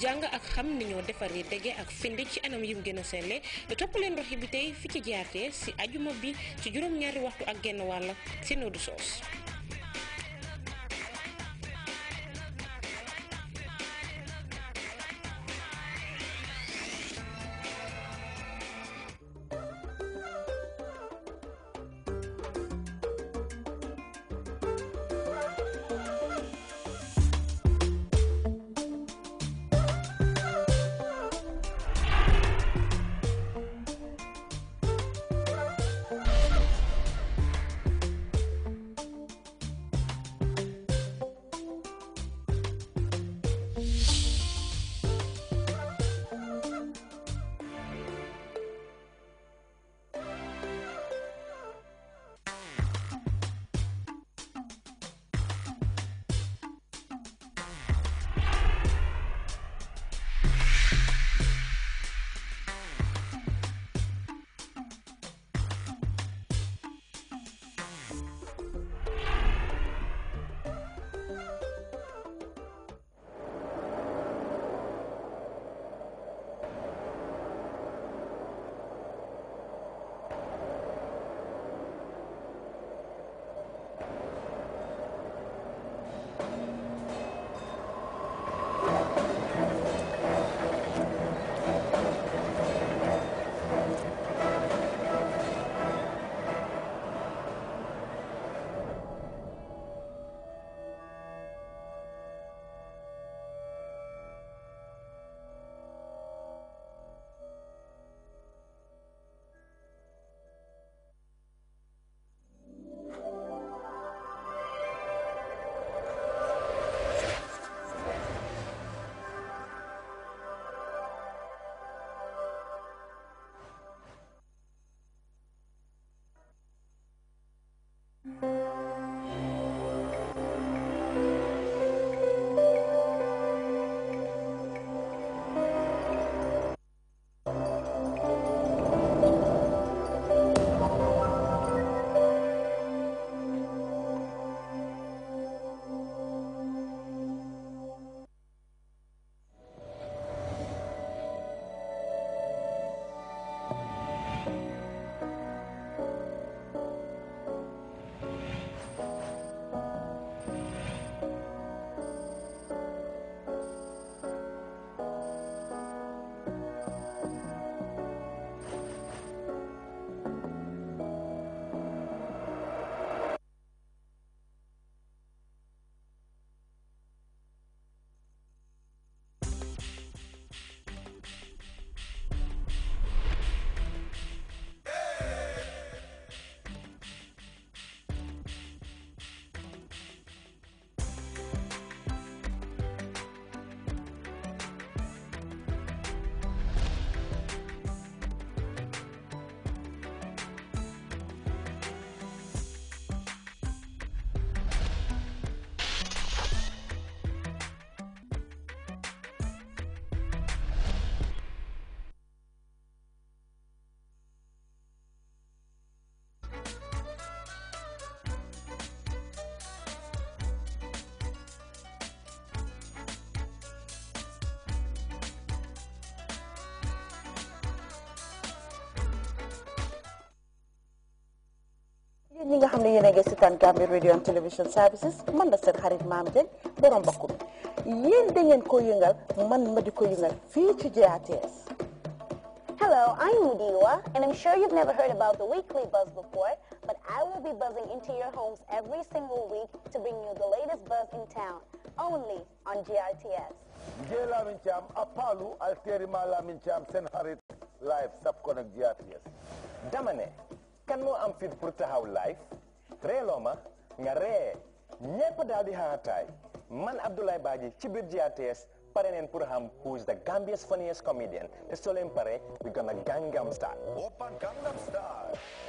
jàng ak xam ni ñoo defaree dege ak findi ci anam yim gën a selle topp leen roxi bi tey fi ci GRTS ci ajuma bi ci juróom-ñaari waxtu ak genn wàll ci du Soos ñi nga xam ne yéen a ngi seetaan Gambia radio and television services man la seen xarit maam Jeng borom bakku bi yéen da ngeen ko yëngal man ma di ko yëngal fii ci GRTS. Hello, I'm Mudiwa, and I'm sure you've never heard about the weekly buzz before, but I will be buzzing into your homes every single week to bring you the latest buzz in town, only on GRTS. Live, GRTS. kanu am fit purta haw life re loma nga re ñepp dal di haatay man abdoulaye badi ci bir jats parenen pour ham who's the gambia's funniest comedian the solemn pare we gonna gangnam style open gangnam style